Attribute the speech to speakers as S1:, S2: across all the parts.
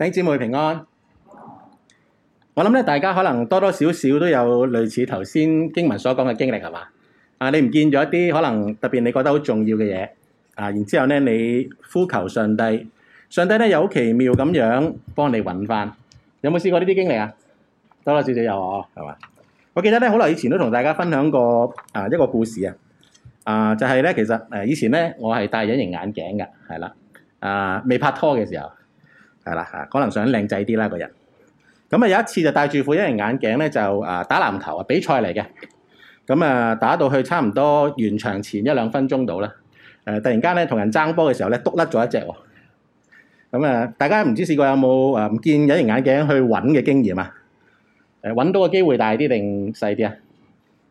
S1: 等姐妹平安，我諗咧大家可能多多少少都有類似頭先經文所講嘅經歷係嘛？啊，你唔見咗一啲可能特別你覺得好重要嘅嘢啊，然之後咧你呼求上帝，上帝咧又好奇妙咁樣幫你搵翻，有冇試過呢啲經歷啊？多多少少有哦，係嘛？我記得咧，好耐以前都同大家分享過啊一個故事啊，啊就係、係、咧，其實誒以前咧我係戴隱形眼鏡嘅，係啦，啊未拍拖嘅時候。係啦，嚇，可能想靚仔啲啦個人。咁啊有一次就戴住副隱形眼鏡咧，就誒打籃球啊比賽嚟嘅。咁啊打到去差唔多完場前一兩分鐘度啦。誒、啊、突然間咧同人爭波嘅時候咧，篤甩咗一隻喎。咁啊，大家唔知試過有冇誒、啊、唔見隱形眼鏡去揾嘅經驗啊？誒揾到嘅機會大啲定細啲啊？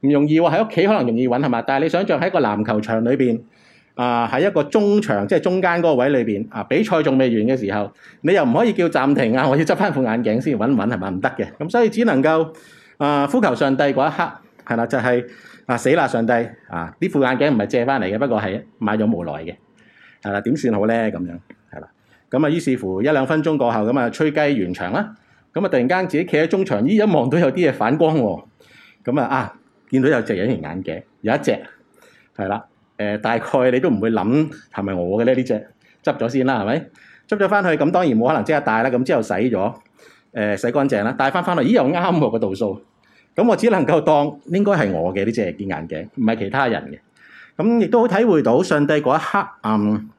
S1: 唔容易喎，喺屋企可能容易揾係？嘛，但係你想象喺個籃球場裏邊。啊，喺一個中場，即係中間嗰個位裏邊啊，比賽仲未完嘅時候，你又唔可以叫暫停啊！我要執翻副眼鏡先揾唔揾係咪？唔得嘅，咁所以只能夠啊，呼求上帝嗰一刻係啦，就係啊死啦上帝啊！呢副眼鏡唔係借翻嚟嘅，不過係買咗無耐嘅係啦，點算好咧？咁樣係啦，咁啊於是乎一兩分鐘過後咁啊，吹雞完場啦，咁啊突然間自己企喺中場，咦一望到有啲嘢反光喎，咁啊啊，啊見到有隻隱形眼鏡，有一隻係啦。誒大概你都唔會諗係咪我嘅咧，呢隻執咗先啦，係咪執咗翻去？咁當然冇可能即刻戴啦。咁之後洗咗，誒洗乾淨啦，戴翻翻嚟，咦又啱個度數。咁我只能夠當應該係我嘅呢隻隻眼鏡，唔係其他人嘅。咁亦都好體會到上帝嗰一刻，嗯，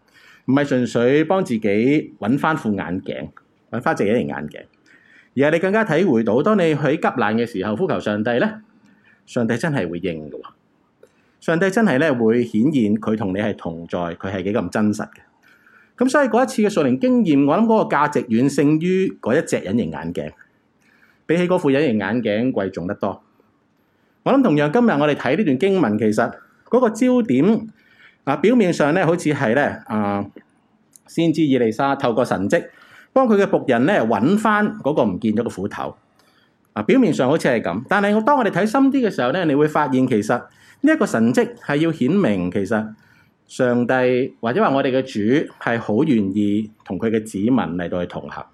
S1: 唔係純粹幫自己揾翻副眼鏡，揾翻自己隻眼鏡。而係你更加體會到，當你喺急難嘅時候呼求上帝咧，上帝真係會應嘅喎。上帝真係咧會顯現佢同你係同在，佢係幾咁真實嘅。咁所以嗰一次嘅屬靈經驗，我諗嗰個價值遠勝於嗰一隻隱形眼鏡，比起嗰副隱形眼鏡貴重得多。我諗同樣今日我哋睇呢段經文，其實嗰個焦點啊，表面上咧好似係咧啊，先知以利沙透過神蹟幫佢嘅僕人咧揾翻嗰個唔見咗嘅斧頭啊，表面上好似係咁，但係我當我哋睇深啲嘅時候咧，你會發現其實。呢一個神蹟係要顯明，其實上帝或者話我哋嘅主係好願意同佢嘅子民嚟到去同行，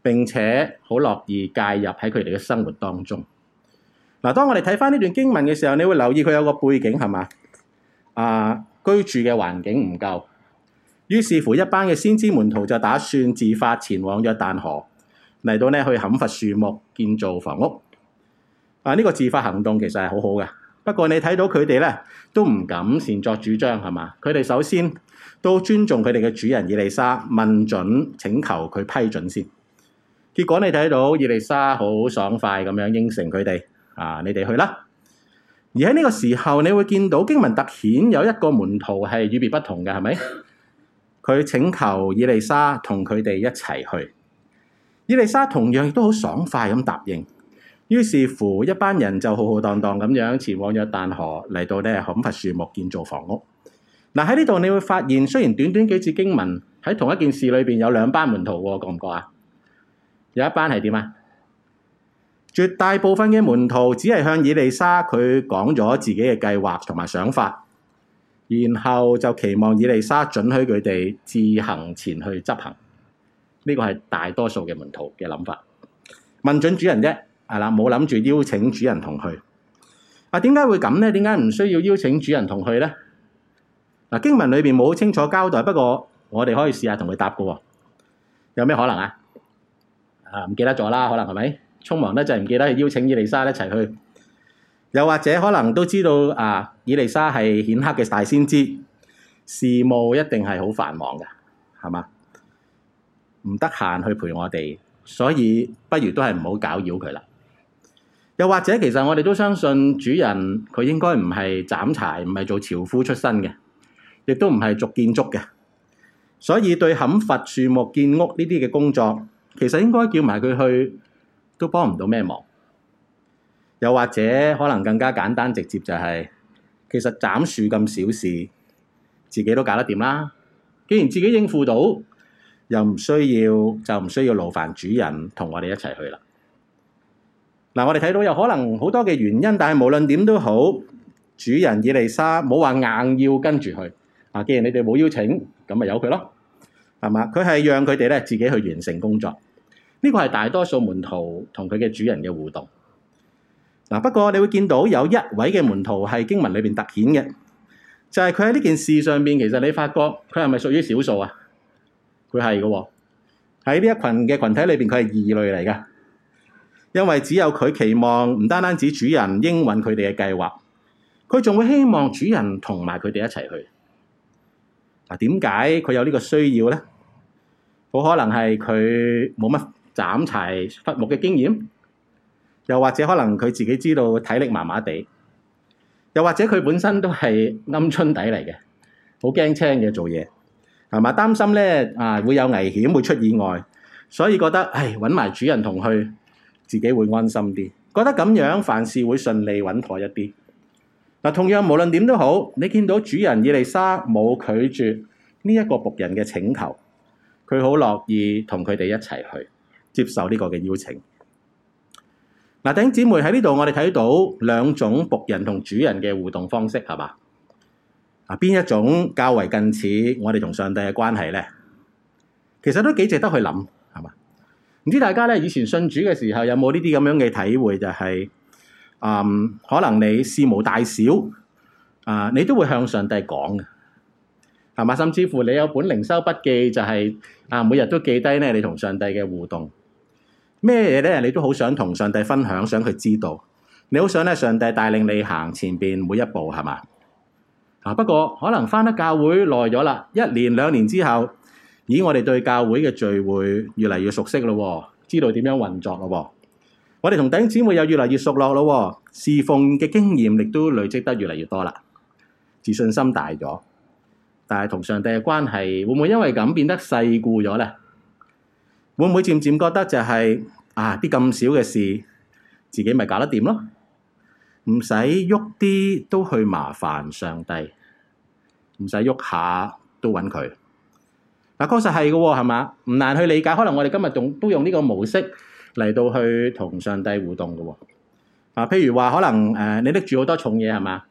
S1: 並且好樂意介入喺佢哋嘅生活當中。嗱、啊，當我哋睇返呢段經文嘅時候，你會留意佢有個背景係嘛？啊，居住嘅環境唔夠，於是乎一班嘅先知門徒就打算自發前往約旦河嚟到呢去砍伐樹木，建造房屋。啊，呢、這個自發行動其實係好好嘅。不過你睇到佢哋呢，都唔敢擅作主張係嘛？佢哋首先都尊重佢哋嘅主人以利沙，問準請求佢批准先。結果你睇到以利沙好爽快咁樣應承佢哋，啊，你哋去啦。而喺呢個時候，你會見到經文特顯有一個門徒係與別不同嘅，係咪？佢請求以利沙同佢哋一齊去。以利沙同樣亦都好爽快咁答應。於是乎，一班人就浩浩蕩蕩咁樣前往咗約旦河，嚟到呢砍伐樹木，建造房屋。嗱，喺呢度你會發現，雖然短短幾次經文喺同一件事裏邊有兩班門徒，啊，覺唔覺啊？有一班係點啊？絕大部分嘅門徒只係向以利沙佢講咗自己嘅計劃同埋想法，然後就期望以利沙准許佢哋自行前去執行。呢、這個係大多數嘅門徒嘅諗法。問準主人啫。係啦，冇諗住邀請主人同去。嗱、啊，點解會咁咧？點解唔需要邀請主人同去咧？嗱、啊，經文裏邊冇好清楚交代，不過我哋可以試下同佢答嘅，哦。有咩可能啊？啊，唔記得咗啦，可能係咪？匆忙咧就唔記得去邀請以利沙一齊去。又或者可能都知道啊，以利沙係顯赫嘅大先知，事務一定係好繁忙嘅，係嘛？唔得閒去陪我哋，所以不如都係唔好攪擾佢啦。又或者，其實我哋都相信主人佢應該唔係斬柴，唔係做樵夫出身嘅，亦都唔係做建築嘅，所以對砍伐樹木、建屋呢啲嘅工作，其實應該叫埋佢去都幫唔到咩忙。又或者，可能更加簡單直接就係，其實斬樹咁小事，自己都搞得掂啦。既然自己應付到，又唔需要就唔需要勞煩主人同我哋一齊去啦。嗱，我哋睇到有可能好多嘅原因，但係無論點都好，主人以利沙冇話硬要跟住佢。啊，既然你哋冇邀請，咁咪由佢咯，係嘛？佢係讓佢哋咧自己去完成工作。呢個係大多數門徒同佢嘅主人嘅互動。嗱，不過你會見到有一位嘅門徒係經文裏邊特顯嘅，就係佢喺呢件事上邊，其實你發覺佢係咪屬於少數啊？佢係嘅喎，喺呢一群嘅羣體裏邊，佢係異類嚟嘅。因為只有佢期望，唔單單指主人應允佢哋嘅計劃，佢仲會希望主人同埋佢哋一齊去。嗱、啊，點解佢有呢個需要咧？好可能係佢冇乜斬柴伐木嘅經驗，又或者可能佢自己知道體力麻麻地，又或者佢本身都係鵪鶉底嚟嘅，好驚青嘅做嘢，係咪擔心咧？啊，會有危險，會出意外，所以覺得唉，揾埋主人同去。自己會安心啲，覺得咁樣凡事會順利穩妥一啲。嗱，同樣無論點都好，你見到主人以利沙冇拒絕呢一個僕人嘅請求，佢好樂意同佢哋一齊去接受呢個嘅邀請。嗱、啊，弟兄姊妹喺呢度，我哋睇到兩種僕人同主人嘅互動方式，係嘛？啊，邊一種較為近似我哋同上帝嘅關係咧？其實都幾值得去諗。唔知大家咧以前信主嘅時候有冇呢啲咁樣嘅體會？就係、是，嗯，可能你事無大小，啊、呃，你都會向上帝講，係嘛？甚至乎你有本靈修筆記，就係啊，每日都記低咧你同上帝嘅互動，咩嘢咧你都好想同上帝分享，想佢知道，你好想咧上帝帶領你行前面每一步，係嘛？啊，不過可能翻得教會耐咗啦，一年兩年之後。咦，我哋對教會嘅聚會越嚟越熟悉咯，知道點樣運作咯。我哋同弟兄姊妹又越嚟越熟絡咯，侍奉嘅經驗亦都累積得越嚟越多啦，自信心大咗。但係同上帝嘅關係會唔會因為咁變得世故咗咧？會唔會漸漸覺得就係，啊啲咁少嘅事，自己咪搞得掂咯？唔使喐啲都去麻煩上帝，唔使喐下都揾佢。嗱，確實係嘅喎，係嘛？唔難去理解，可能我哋今日仲都用呢個模式嚟到去同上帝互動嘅喎。啊，譬如話，可能誒你拎住好多重嘢係嘛？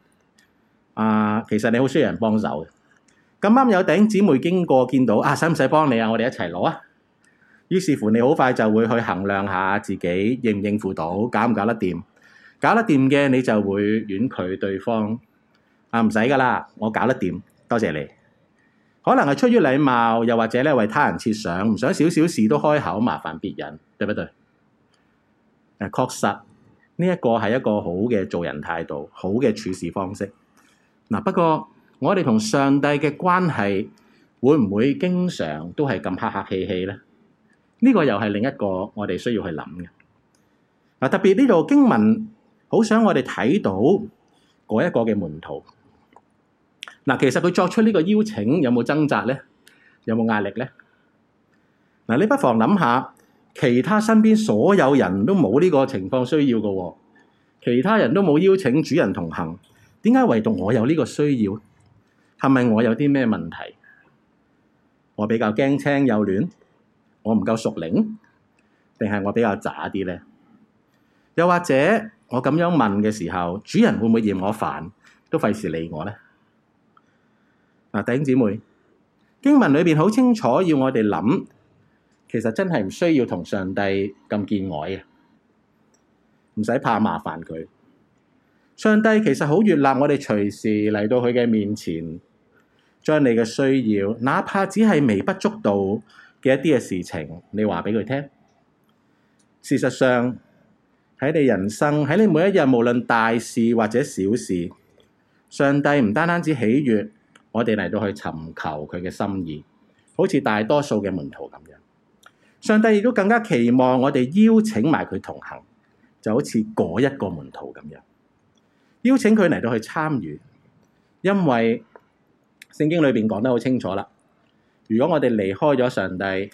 S1: 啊，其實你好需要人幫手嘅。咁啱有頂姊妹經過，見到啊，使唔使幫你啊？我哋一齊攞啊！於是乎，你好快就會去衡量下自己應唔應付到，搞唔搞得掂？搞得掂嘅你就會婉拒對方。啊，唔使㗎啦，我搞得掂，多謝你。可能係出於禮貌，又或者咧，為他人設想，唔想少少事都開口麻煩別人，對不對？誒，確實呢一個係一個好嘅做人態度，好嘅處事方式。嗱，不過我哋同上帝嘅關係會唔會經常都係咁客客氣氣咧？呢個又係另一個我哋需要去諗嘅。嗱，特別呢度經文，好想我哋睇到嗰一個嘅門徒。嗱，其實佢作出呢個邀請，有冇掙扎咧？有冇壓力咧？嗱，你不妨諗下，其他身邊所有人都冇呢個情況需要嘅喎，哦，其他人都冇邀請主人同行，點解唯獨我有呢個需要？係咪我有啲咩問題？我比較驚青幼嫩，我唔夠熟齡，定係我比較渣啲咧？又或者我咁樣問嘅時候，主人會唔會嫌我煩，都費事理我咧？嗱，弟兄姊妹，經文裏面好清楚，要我哋諗，其實真係唔需要同上帝咁見外嘅，唔使怕麻煩佢。上帝其實好悅納我哋，隨時嚟到佢嘅面前，將你嘅需要，哪怕只係微不足道嘅一啲嘅事情，你話畀佢聽。事實上喺你人生喺你每一日，無論大事或者小事，上帝唔單單只喜悅。我哋嚟到去尋求佢嘅心意，好似大多數嘅門徒咁樣。上帝亦都更加期望我哋邀請埋佢同行，就好似嗰一個門徒咁樣，邀請佢嚟到去參與，因為聖經裏邊講得好清楚啦。如果我哋離開咗上帝，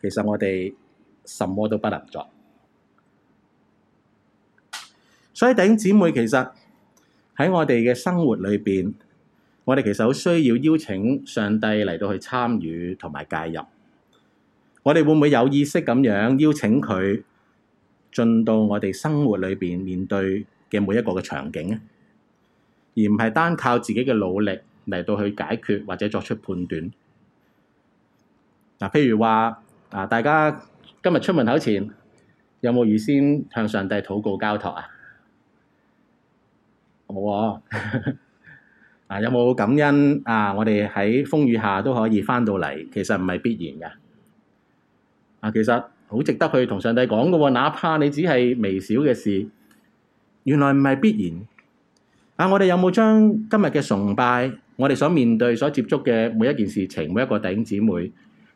S1: 其實我哋什麼都不能做。所以弟兄姊妹，其實喺我哋嘅生活裏邊，我哋其實好需要邀請上帝嚟到去參與同埋介入，我哋會唔會有意識咁樣邀請佢進到我哋生活裏面面對嘅每一個嘅場景咧？而唔係單靠自己嘅努力嚟到去解決或者作出判斷。嗱，啊，譬如話啊，大家今日出門口前有冇預先向上帝禱告交託啊？冇啊！啊！有冇感恩啊？我哋喺風雨下都可以翻到嚟，其實唔係必然㗎。啊，其實好值得去同上帝講嘅喎，哪怕你只係微小嘅事，原來唔係必然。啊，我哋有冇將今日嘅崇拜，我哋所面對、所接觸嘅每一件事情、每一個弟兄姊妹，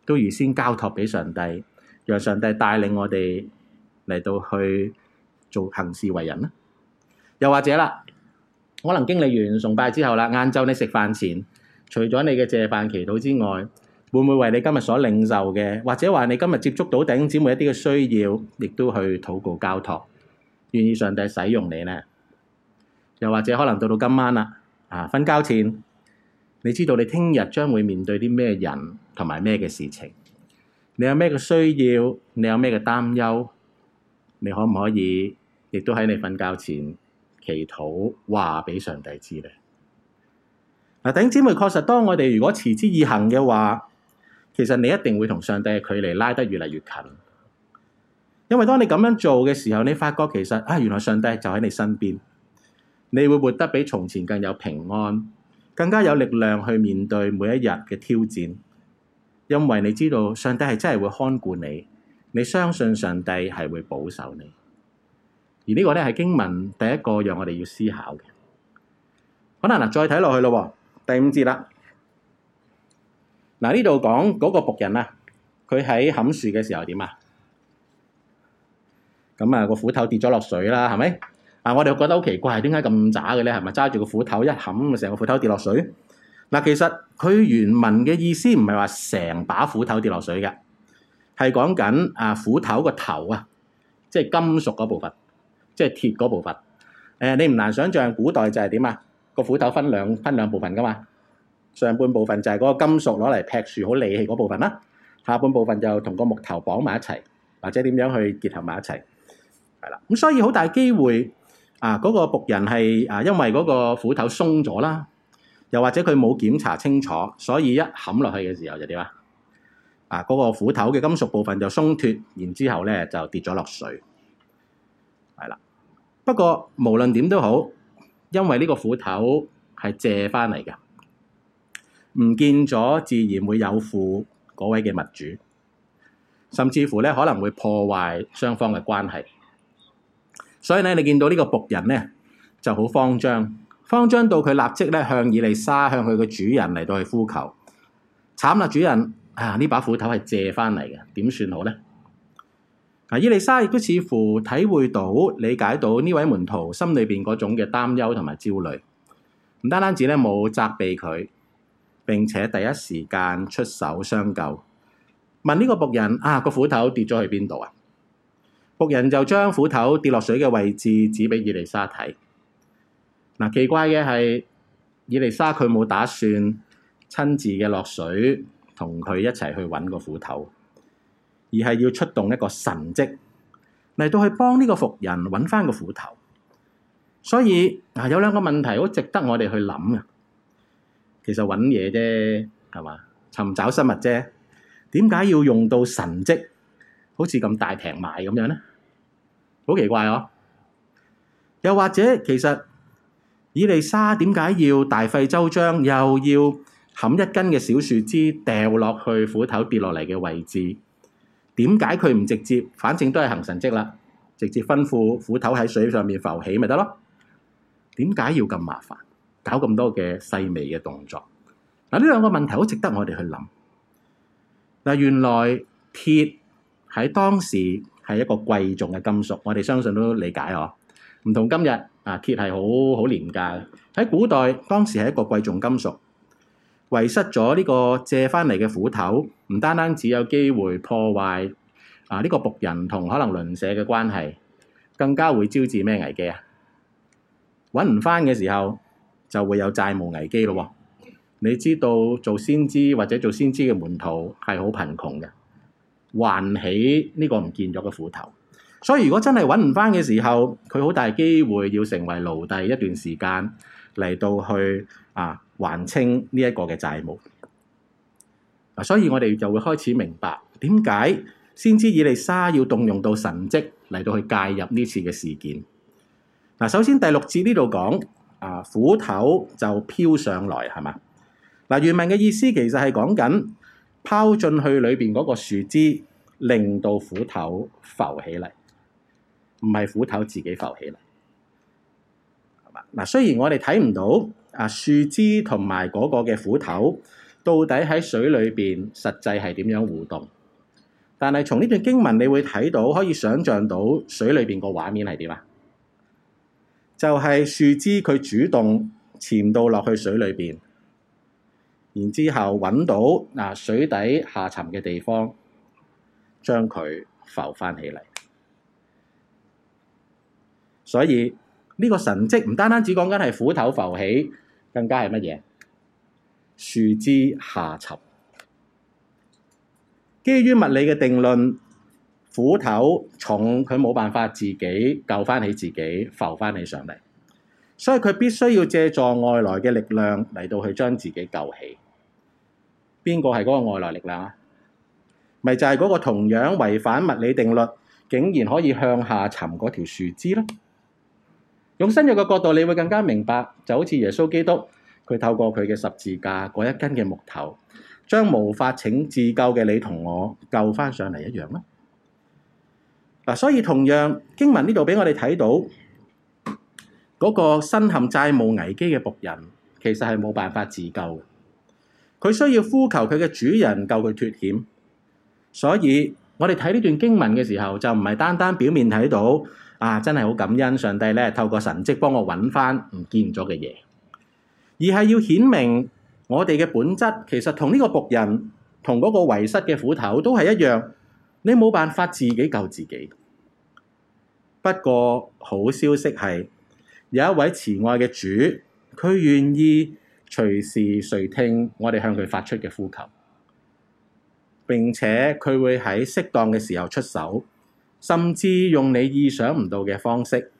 S1: 都預先交託俾上帝，讓上帝帶領我哋嚟到去做行事為人呢？又或者啦。可能經歷完崇拜之後啦，晏晝你食飯前，除咗你嘅謝飯祈禱之外，會唔會為你今日所領受嘅，或者話你今日接觸到弟兄姊妹一啲嘅需要，亦都去禱告交託，願意上帝使用你呢？又或者可能到到今晚啦，啊瞓覺前，你知道你聽日將會面對啲咩人同埋咩嘅事情，你有咩嘅需要？你有咩嘅擔憂？你可唔可以亦都喺你瞓覺前，祈禱話俾上帝知咧。嗱、啊，頂姊妹，確實當我哋如果持之以恒嘅話，其實你一定會同上帝嘅距離拉得越嚟越近。因為當你咁樣做嘅時候，你發覺其實啊，原來上帝就喺你身邊，你會活得比從前更有平安，更加有力量去面對每一日嘅挑戰。因為你知道上帝係真係會看顧你，你相信上帝係會保守你。而呢個咧係經文第一個讓我哋要思考嘅。可能嗱，再睇落去咯，第五節啦。嗱，呢度講嗰個僕人啊，佢喺砍樹嘅時候點啊？咁啊，個斧頭跌咗落水啦，係咪？啊，我哋覺得好奇怪，點解咁渣嘅咧？係咪揸住個斧頭一砍，成個斧頭跌落水？嗱，其實佢原文嘅意思唔係話成把斧頭跌落水嘅，係講緊啊斧頭個頭啊，即係金屬嗰部分。即係鐵嗰部分，誒、呃、你唔難想象，古代就係點啊？個斧頭分兩分兩部分㗎嘛，上半部分就係嗰個金屬攞嚟劈樹好利器嗰部分啦、啊，下半部分就同個木頭綁埋一齊，或者點樣去結合埋一齊，係啦。咁所以好大機會啊，嗰、嗰個僕人係啊，因為嗰個斧頭鬆咗啦，又或者佢冇檢查清楚，所以一冚落去嘅時候就點啊？啊、嗰、嗰個斧頭嘅金屬部分就鬆脫，然之後咧就跌咗落水，係啦。不過，無論點都好，因為呢個斧頭係借返嚟嘅，唔見咗自然會有負嗰位嘅物主，甚至乎可能會破壞雙方嘅關係。所以你見到呢個僕人呢就好慌張，慌張到佢立即向以利沙向佢嘅主人嚟到去呼求，慘啦！主人啊，呢把斧頭係借返嚟嘅，點算好呢？嗱，伊麗莎亦都似乎體會到、理解到呢位門徒心裏邊嗰種嘅擔憂同埋焦慮，唔單單止咧冇責備佢，並且第一時間出手相救，問呢個僕人，啊，個斧頭跌咗去邊度啊？僕人就將斧頭跌落水嘅位置指俾伊麗莎睇。嗱、啊，奇怪嘅係，伊麗莎佢冇打算親自嘅落水同佢一齊去揾個斧頭。而係要出動一個神蹟嚟到去幫呢個僕人揾翻個斧頭，所以有兩個問題好值得我哋去諗啊。其實揾嘢啫，係嘛，尋找失物啫，點解要用到神蹟，好似咁大平賣，咁樣呢？好奇怪哦、啊！又或者其實以利沙點解要大費周章，又要冚一根嘅小樹枝掉落去斧頭跌落嚟嘅位置？點解佢唔直接？反正都係行神蹟啦，直接吩咐斧頭喺水上面浮起咪得咯？點解要咁麻煩，搞咁多嘅細微嘅動作？嗱，呢兩個問題好值得我哋去諗。嗱，原來鐵喺當時係一個貴重嘅金屬，我哋相信都理解呵。唔同今日啊，鐵係好好廉價嘅。喺古代，當時係一個貴重金屬。遺失咗呢個借翻嚟嘅斧頭，唔單單只有機會破壞啊呢個僕人同可能鄰舍嘅關係，更加會招致咩危機啊？揾唔翻嘅時候，就會有債務危機咯。你知道做先知或者做先知嘅門徒係好貧窮嘅，還起呢個唔見咗嘅斧頭。所以如果真係揾唔翻嘅時候，佢好大機會要成為奴隸一段時間嚟到去啊。還清呢一個嘅債務，嗱、啊，所以我哋就會開始明白點解先知以利沙要動用到神蹟嚟到去介入呢次嘅事件。嗱、啊，首先第六節呢度講啊，斧頭就飄上來，係嘛？嗱、啊，原文嘅意思其實係講緊拋進去裏邊嗰個樹枝，令到斧頭浮起嚟，唔係斧頭自己浮起嚟，係嘛？嗱、啊，雖然我哋睇唔到。啊樹枝同埋嗰個嘅斧頭，到底喺水裏邊實際係點樣互動？但係從呢段經文你會睇到，可以想象到水裏邊個畫面係點啊？就係、是、樹枝佢主動潛到落去水裏邊，然之後揾到嗱、啊、水底下沉嘅地方，將佢浮翻起嚟。所以呢、這個神蹟唔單單只講緊係斧頭浮起。更加係乜嘢？樹枝下沉，基於物理嘅定論，斧頭重，佢冇辦法自己救翻起自己，浮翻起上嚟，所以佢必須要借助外來嘅力量嚟到去將自己救起。邊個係嗰個外來力量？咪就係嗰個同樣違反物理定律，竟然可以向下沉嗰條樹枝咯。用新約嘅角度，你會更加明白，就好似耶穌基督，佢透過佢嘅十字架嗰一根嘅木頭，將無法請自救嘅你同我救翻上嚟一樣咧，嗱。所以同樣經文呢度俾我哋睇到，嗰個身陷債務危機嘅僕人，其實係冇辦法自救嘅，佢需要呼求佢嘅主人救佢脫險。所以我哋睇呢段經文嘅時候，就唔係單單表面睇到。啊！真係好感恩上帝咧，透過神蹟幫我揾返唔見咗嘅嘢，而係要顯明我哋嘅本質，其實同呢個僕人，同嗰個遺失嘅斧頭都係一樣。你冇辦法自己救自己。不過好消息係，有一位慈愛嘅主，佢願意隨時隨聽我哋向佢發出嘅呼求，並且佢會喺適當嘅時候出手。甚至用你意想唔到嘅方式，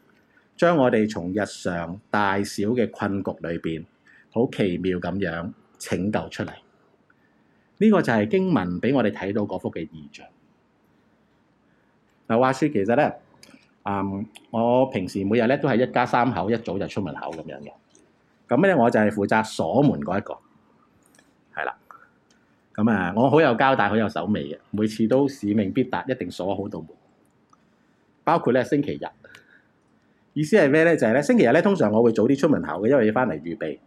S1: 將我哋從日常大小嘅困局裏邊，好奇妙咁樣拯救出嚟。呢個就係經文俾我哋睇到嗰幅嘅異象。嗱，話説其實咧，嗯，我平時每日咧都係一家三口一早就出門口咁樣嘅，咁咧我就係負責鎖門嗰一個，係啦。咁啊，我好有交代，好有手尾嘅，每次都使命必達，一定鎖好度門。包括咧星期日，意思係咩咧？就係咧星期日咧，通常我會早啲出門口嘅，因為要翻嚟預備。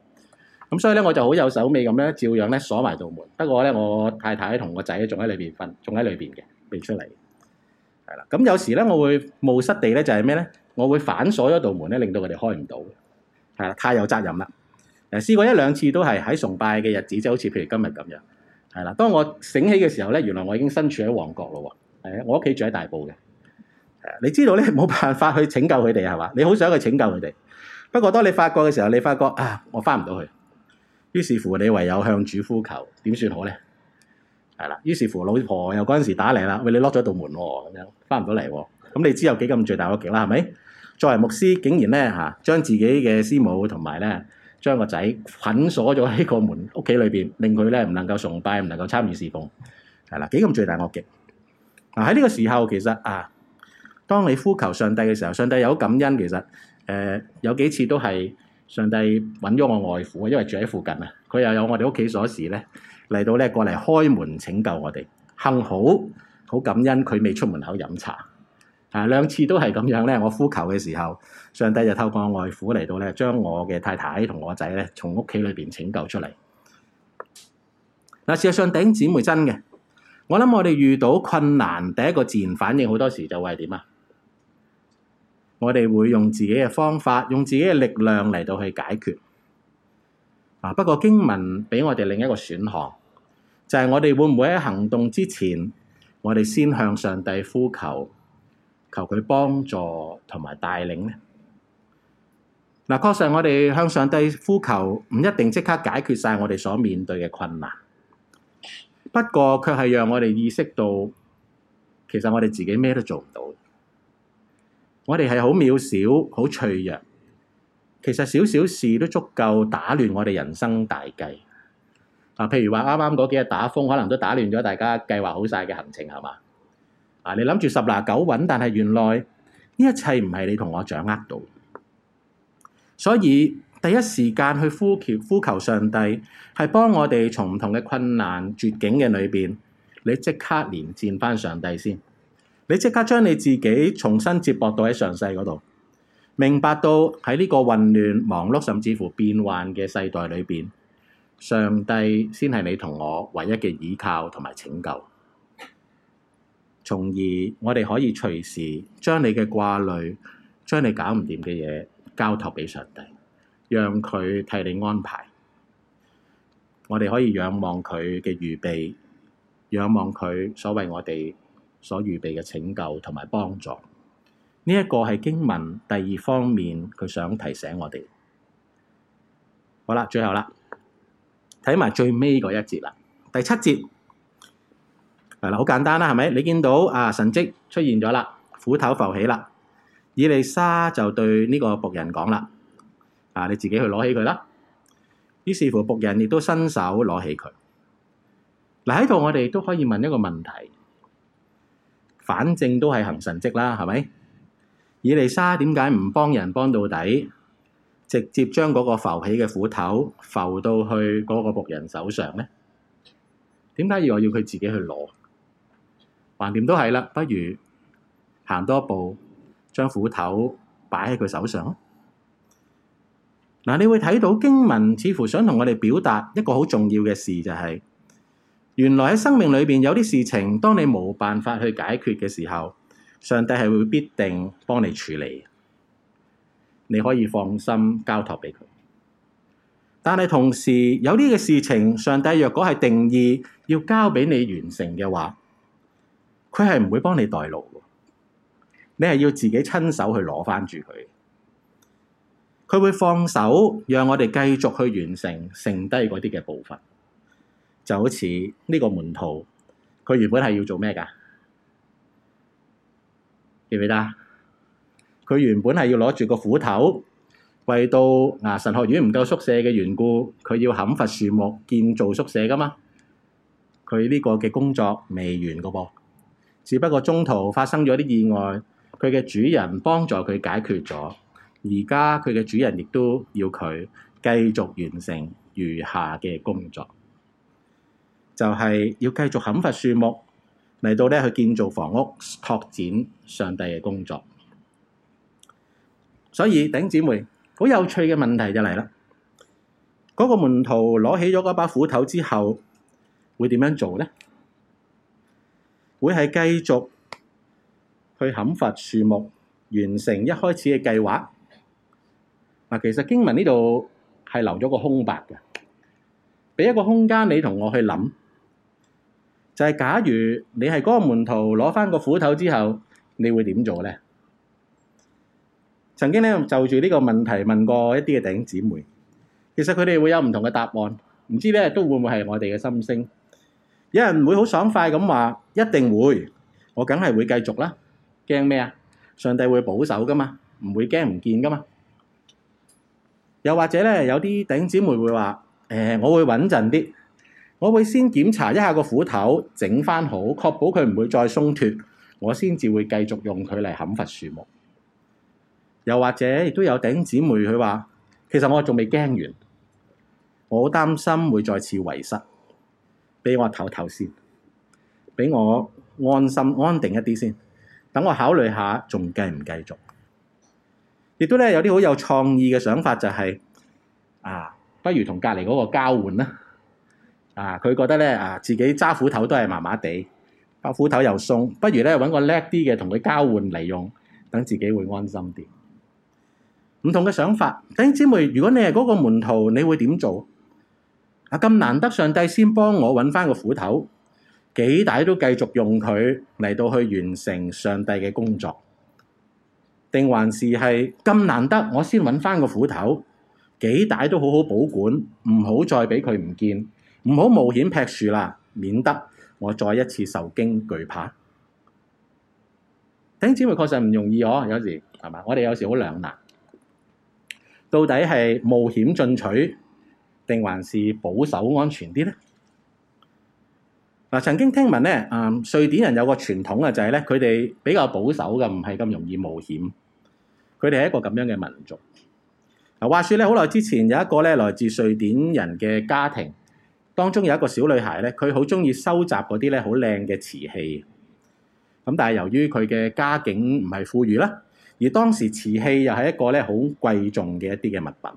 S1: 咁所以咧，我就好有手尾咁咧，照樣咧鎖埋道門。不過咧，我太太同個仔仲喺裏邊瞓，仲喺裏邊嘅未出嚟。係啦，咁有時咧我會冒失地咧就係咩咧？我會反鎖咗道門咧，令到佢哋開唔到。係啦，太有責任啦。誒，試過一兩次都係喺崇拜嘅日子，即係好似譬如今日咁樣。係啦，當我醒起嘅時候咧，原來我已經身處喺旺角咯。喎，我屋企住喺大埔嘅。你知道咧，冇辦法去拯救佢哋，係嘛？你好想去拯救佢哋，不過當你發覺嘅時候，你發覺啊，我翻唔到去，於是乎你唯有向主呼求點算好咧？係啦，於是乎老婆又嗰陣時打嚟啦，喂，你 lock 咗道門喎，咁樣翻唔到嚟喎，咁你知有幾咁罪大惡極啦？係咪？作為牧師，竟然咧嚇將自己嘅師母同埋咧將個仔捆鎖咗喺個門屋企裏邊，令佢咧唔能夠崇拜，唔能夠參與侍奉，係啦，幾咁罪大惡極嗱？喺、啊、呢個時候，其實啊～當你呼求上帝嘅時候，上帝有感恩。其實，誒、呃、有幾次都係上帝揾咗我外父，因為住喺附近啊。佢又有我哋屋企鎖匙咧，嚟到咧過嚟開門拯救我哋。幸好好感恩，佢未出門口飲茶。啊，兩次都係咁樣咧。我呼求嘅時候，上帝就透過外父嚟到咧，將我嘅太太同我仔咧，從屋企裏邊拯救出嚟。嗱、啊，事實上頂姊妹真嘅。我諗我哋遇到困難，第一個自然反應好多時就會係點啊？我哋會用自己嘅方法，用自己嘅力量嚟到去解決。啊，不過經文畀我哋另一個選項，就係我哋會唔會喺行動之前，我哋先向上帝呼求，求佢幫助同埋帶領呢？嗱，確實我哋向上帝呼求，唔一定即刻解決晒我哋所面對嘅困難。不過，卻係讓我哋意識到，其實我哋自己咩都做唔到。我哋係好渺小、好脆弱，其實少少事都足夠打亂我哋人生大計。嗱、啊，譬如話啱啱嗰幾日打風，可能都打亂咗大家計劃好晒嘅行程，係嘛？啊，你諗住十拿九穩，但係原來呢一切唔係你同我掌握到，所以第一時間去呼求呼求上帝，係幫我哋從唔同嘅困難、絕境嘅裏邊，你即刻連線返上帝先。你即刻將你自己重新接駁到喺上世嗰度，明白到喺呢個混亂、忙碌甚至乎變幻嘅世代裏邊，上帝先係你同我唯一嘅依靠同埋拯救。從而我哋可以隨時將你嘅掛慮、將你搞唔掂嘅嘢交託畀上帝，讓佢替你安排。我哋可以仰望佢嘅預備，仰望佢所為我哋所預備嘅拯救同埋幫助，呢一個係經文第二方面，佢想提醒我哋。好啦，最後啦，睇埋最尾嗰一節啦，第七節係啦，好簡單啦，係咪？你見到啊神跡出現咗啦，斧頭浮起啦，以利沙就對呢個僕人講啦：啊，你自己去攞起佢啦。於是乎，僕人亦都伸手攞起佢。嗱喺度，我哋都可以問一個問題。反正都係行神蹟啦，係咪？以利沙點解唔幫人幫到底，直接將嗰個浮起嘅斧頭浮到去嗰個僕人手上咧？點解要我要佢自己去攞？橫掂都係啦，不如行多一步，將斧頭擺喺佢手上。嗱，你會睇到經文似乎想同我哋表達一個好重要嘅事，就係、是。原來喺生命裏邊有啲事情，當你冇辦法去解決嘅時候，上帝係會必定幫你處理，你可以放心交託畀佢。但係同時有啲嘅事情，上帝若果係定意要交畀你完成嘅話，佢係唔會幫你代勞，你係要自己親手去攞返住佢。佢會放手，讓我哋繼續去完成剩低嗰啲嘅部分。就好似呢個門徒，佢原本係要做咩噶？記唔記得？佢原本係要攞住個斧頭，為到牙、啊、神學院唔夠宿舍嘅緣故，佢要砍伐樹木建造宿舍噶嘛。佢呢個嘅工作未完個噃，只不過中途發生咗啲意外，佢嘅主人幫助佢解決咗。而家佢嘅主人亦都要佢繼續完成餘下嘅工作。就係要繼續砍伐樹木，嚟到咧去建造房屋，拓展上帝嘅工作。所以頂姊妹，好有趣嘅問題就嚟啦！嗰、那個門徒攞起咗嗰把斧頭之後，會點樣做咧？會係繼續去砍伐樹木，完成一開始嘅計劃？嗱，其實經文呢度係留咗個空白嘅，俾一個空間你同我去諗。就係，假如你係嗰個門徒攞返個斧頭之後，你會點做咧？曾經咧就住呢個問題問過一啲嘅弟兄姊妹，其實佢哋會有唔同嘅答案，唔知咧都會唔會係我哋嘅心聲？有人會好爽快咁話：一定會，我梗係會繼續啦。驚咩啊？上帝會保守㗎嘛，唔會驚唔見㗎嘛。又或者咧，有啲弟兄姊妹會話：誒、欸，我會穩陣啲。我會先檢查一下個斧頭，整返好，確保佢唔會再鬆脱，我先至會繼續用佢嚟砍伐樹木。又或者，亦都有頂姊妹佢話：其實我仲未驚完，我擔心會再次遺失，俾我唞唞先，俾我安心安定一啲先，等我考慮下算算，仲繼唔繼續？亦都咧有啲好有創意嘅想法，就係，就係啊，不如同隔離嗰個交換啦。啊！佢覺得咧，啊自己揸斧頭都係麻麻地，把斧頭又鬆，不如咧揾個叻啲嘅同佢交換嚟用，等自己會安心啲。唔同嘅想法，弟兄姊妹，如果你係嗰個門徒，你會點做啊？咁難得上帝先幫我揾翻個斧頭，幾大都繼續用佢嚟到去完成上帝嘅工作，定還是係咁難得我先揾翻個斧頭，幾大都好好保管，唔好再俾佢唔見。唔好冒險劈樹啦，免得我再一次受驚懼怕。丁姊妹確實唔容易哦，有時係嘛？我哋有時好兩難，到底係冒險進取定還是保守安全啲咧？嗱、嗯，曾經聽聞咧，啊、嗯，瑞典人有個傳統啊，就係咧，佢哋比較保守嘅，唔係咁容易冒險。佢哋係一個咁樣嘅民族。嗱、嗯，話説咧，好耐之前有一個咧來自瑞典人嘅家庭。當中有一個小女孩咧，佢好中意收集嗰啲咧好靚嘅瓷器。咁但係由於佢嘅家境唔係富裕啦，而當時瓷器又係一個咧好貴重嘅一啲嘅物品，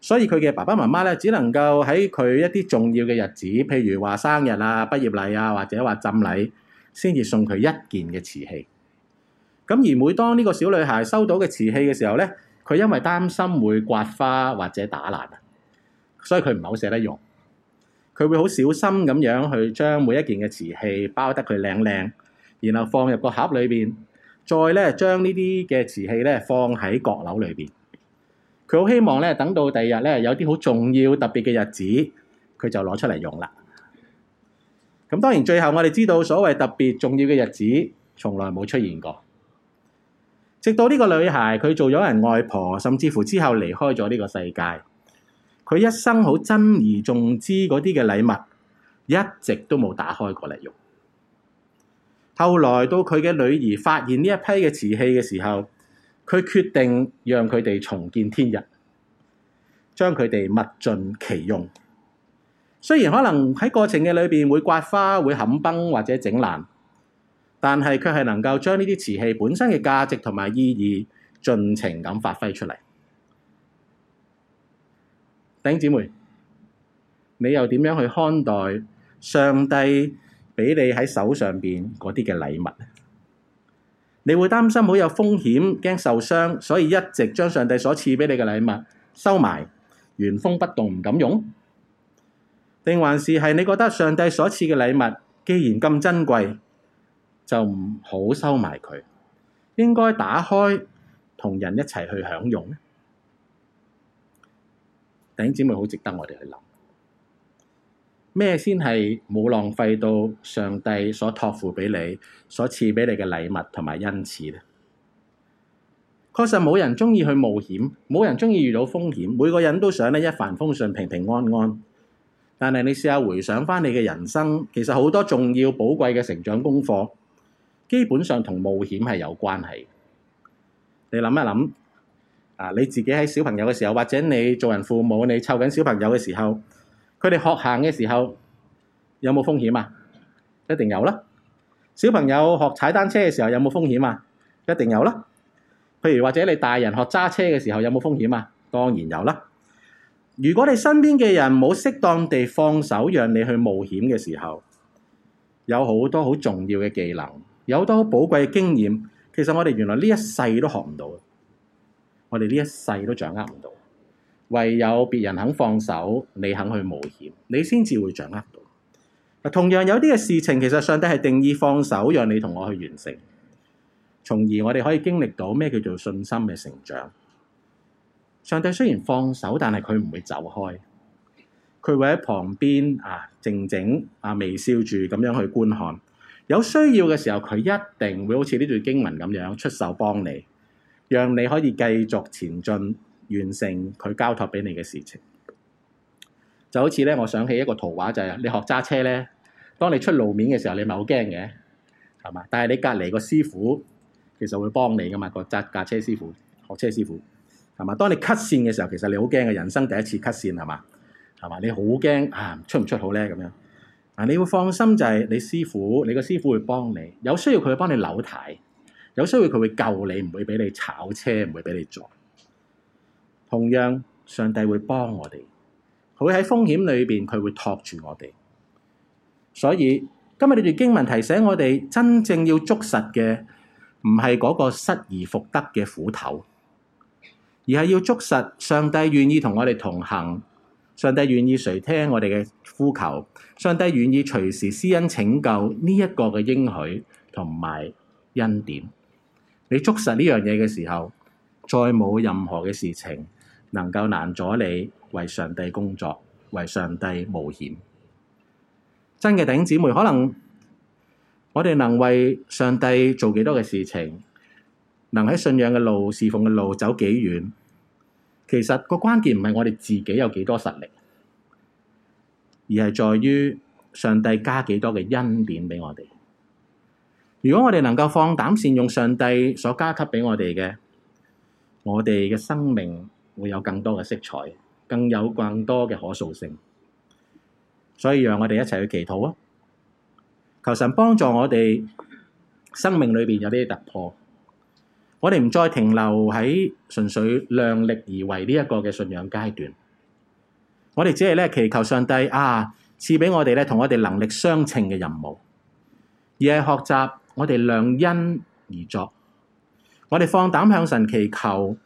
S1: 所以佢嘅爸爸媽媽咧只能夠喺佢一啲重要嘅日子，譬如話生日啊、畢業禮啊，或者話浸禮，先至送佢一件嘅瓷器。咁而每當呢個小女孩收到嘅瓷器嘅時候咧，佢因為擔心會刮花或者打爛，所以佢唔係好捨得用。佢會好小心咁樣去將每一件嘅瓷器包得佢靚靚，然後放入個盒裏邊，再咧將呢啲嘅瓷器咧放喺閣樓裏邊。佢好希望咧等到第二日咧有啲好重要特別嘅日子，佢就攞出嚟用啦。咁當然最後我哋知道所謂特別重要嘅日子，從來冇出現過。直到呢個女孩佢做咗人外婆，甚至乎之後離開咗呢個世界。佢一生好珍而重之啲嘅禮物，一直都冇打開過嚟用。後來到佢嘅女兒發現呢一批嘅瓷器嘅時候，佢決定讓佢哋重見天日，將佢哋物盡其用。雖然可能喺過程嘅裏邊會刮花、會冚崩或者整爛，但係卻係能夠將呢啲瓷器本身嘅價值同埋意義盡情咁發揮出嚟。頂姐妹，你又點樣去看待上帝畀你喺手上邊嗰啲嘅禮物？你會擔心好有風險，驚受傷，所以一直將上帝所賜畀你嘅禮物收埋，原封不動，唔敢用？定還是係你覺得上帝所賜嘅禮物，既然咁珍貴，就唔好收埋佢，應該打開同人一齊去享用咧？弟兄姊妹，好值得我哋去諗，咩先係冇浪費到上帝所託付畀你、所賜畀你嘅禮物同埋恩賜咧？確實冇人鍾意去冒險，冇人鍾意遇到風險。每個人都想咧一帆風順、平平安安。但係你試下回想返你嘅人生，其實好多重要、寶貴嘅成長功課，基本上同冒險係有關係。你諗一諗。啊！你自己喺小朋友嘅時候，或者你做人父母，你湊緊小朋友嘅時候，佢哋學行嘅時候有冇風險啊？一定有啦。小朋友學踩單車嘅時候有冇風險啊？一定有啦。譬如或者你大人學揸車嘅時候有冇風險啊？當然有啦。如果你身邊嘅人冇適當地放手讓你去冒險嘅時候，有好多好重要嘅技能，有好多好寶貴嘅經驗，其實我哋原來呢一世都學唔到。我哋呢一世都掌握唔到，唯有別人肯放手，你肯去冒險，你先至會掌握到。同樣有啲嘅事情，其實上帝係定義放手，讓你同我去完成，從而我哋可以經歷到咩叫做信心嘅成長。上帝雖然放手，但係佢唔會走開，佢會喺旁邊啊靜靜啊微笑住咁樣去觀看。有需要嘅時候，佢一定會好似呢段經文咁樣出手幫你。讓你可以繼續前進，完成佢交託俾你嘅事情。就好似咧，我想起一個圖畫，就係、是、你學揸車咧。當你出路面嘅時候，你咪好驚嘅，係嘛？但係你隔離個師傅，其實會幫你噶嘛？個揸架車師傅、學車師傅，係嘛？當你 cut 線嘅時候，其實你好驚嘅，人生第一次 cut 線係嘛？係嘛？你好驚啊！出唔出好咧？咁樣嗱，你會放心就係你師傅，你個師傅會幫你。有需要佢去幫你扭軚。有需要佢會救你，唔會俾你炒車，唔會俾你撞。同樣，上帝會幫我哋，佢會喺風險裏面，佢會托住我哋。所以今日呢段經文提醒我哋，真正要捉實嘅唔係嗰個失而復得嘅斧頭，而係要捉實上帝願意同我哋同行，上帝願意垂聽我哋嘅呼求，上帝願意隨時施恩拯救呢一個嘅應許同埋恩典。你捉實呢樣嘢嘅時候，再冇任何嘅事情能夠難阻你為上帝工作、為上帝冒險。真嘅弟兄姊妹，可能我哋能為上帝做幾多嘅事情，能喺信仰嘅路、侍奉嘅路走幾遠，其實個關鍵唔係我哋自己有幾多實力，而係在於上帝加幾多嘅恩典畀我哋。如果我哋能夠放膽善用上帝所加給畀我哋嘅，我哋嘅生命會有更多嘅色彩，更有更多嘅可塑性。所以讓我哋一齊去祈禱啊！求神幫助我哋生命裏邊有啲突破。我哋唔再停留喺純粹量力而為呢一個嘅信仰階段。我哋只係咧祈求上帝啊，賜畀我哋咧同我哋能力相稱嘅任務，而係學習。我哋量恩而作，我哋放膽向神祈求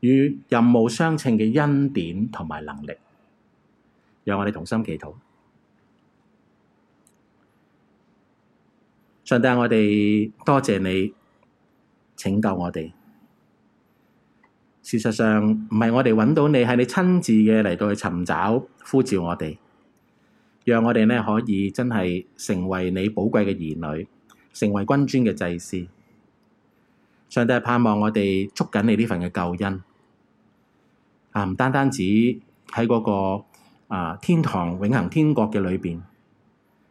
S1: 與任務相稱嘅恩典同埋能力，讓我哋同心祈禱。上帝我，我哋多謝你拯救我哋。事實上，唔係我哋揾到你，係你親自嘅嚟到去尋找、呼召我哋，讓我哋呢可以真係成為你寶貴嘅兒女。成為君尊嘅祭司，上帝係盼望我哋捉緊你呢份嘅救恩啊！唔單單止喺嗰個啊天堂永恆天國嘅裏邊，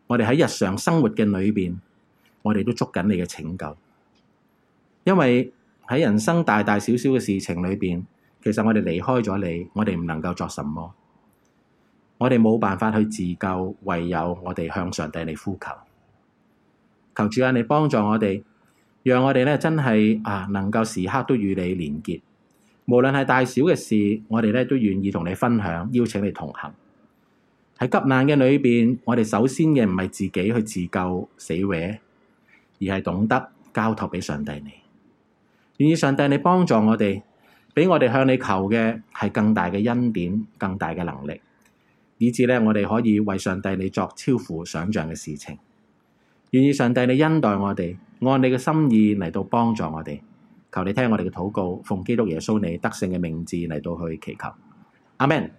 S1: 我哋喺日常生活嘅裏邊，我哋都捉緊你嘅拯救。因為喺人生大大小小嘅事情裏邊，其實我哋離開咗你，我哋唔能夠作什麼，我哋冇辦法去自救，唯有我哋向上帝嚟呼求。求主啊，你幫助我哋，讓我哋咧真係啊能夠時刻都與你連結，無論係大小嘅事，我哋咧都願意同你分享，邀請你同行。喺急難嘅裏邊，我哋首先嘅唔係自己去自救死毀，而係懂得交託俾上帝你。願意上帝你幫助我哋，俾我哋向你求嘅係更大嘅恩典、更大嘅能力，以致咧我哋可以為上帝你作超乎想象嘅事情。願意上帝你恩待我哋，按你嘅心意嚟到幫助我哋，求你聽我哋嘅禱告，奉基督耶穌你得勝嘅名字嚟到去祈求，阿 man。